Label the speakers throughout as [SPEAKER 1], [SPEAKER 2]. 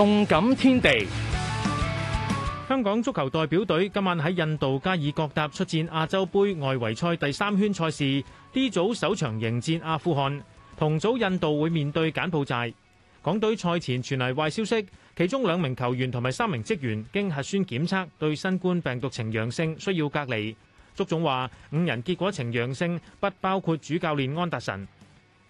[SPEAKER 1] 動感天地，香港足球代表隊今晚喺印度加爾各答出戰亞洲盃外圍賽第三圈賽事，D 組首場迎戰阿富汗，同組印度會面對柬埔寨。港隊賽前傳嚟壞消息，其中兩名球員同埋三名職員經核酸檢測對新冠病毒呈陽性，需要隔離。足總話五人結果呈陽性，不包括主教練安達臣。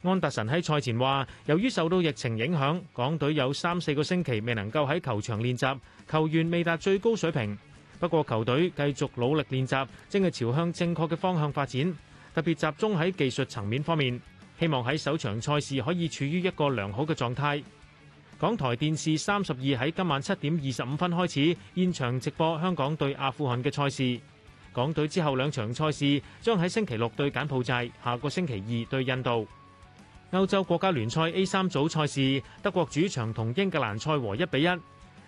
[SPEAKER 1] 安達臣喺賽前話，由於受到疫情影響，港隊有三四個星期未能夠喺球場練習，球員未達最高水平。不過，球隊繼續努力練習，正係朝向正確嘅方向發展，特別集中喺技術層面方面，希望喺首場賽事可以處於一個良好嘅狀態。港台電視三十二喺今晚七點二十五分開始現場直播香港對阿富汗嘅賽事。港隊之後兩場賽事將喺星期六對柬埔寨，下個星期二對印度。歐洲國家聯賽 A 三組賽事，德國主場同英格蘭賽和一比一，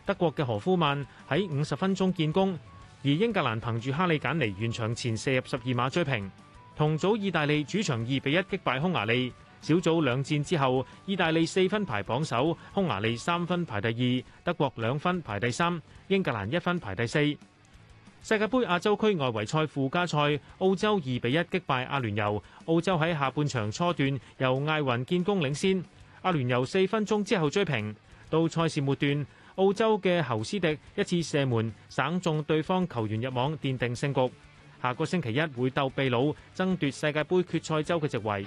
[SPEAKER 1] 德國嘅何夫曼喺五十分鐘建功，而英格蘭憑住哈利簡尼完場前射入十二碼追平。同組意大利主場二比一擊敗匈牙利，小組兩戰之後，意大利四分排榜首，匈牙利三分排第二，德國兩分排第三，英格蘭一分排第四。世界杯亞洲區外圍賽附加賽，澳洲二比一擊敗阿聯酋。澳洲喺下半場初段由艾雲建功領先，阿聯酋四分鐘之後追平。到賽事末段，澳洲嘅侯斯迪一次射門，省中對方球員入網，奠定勝局。下個星期一會鬥秘魯，爭奪世界杯決賽周嘅席位。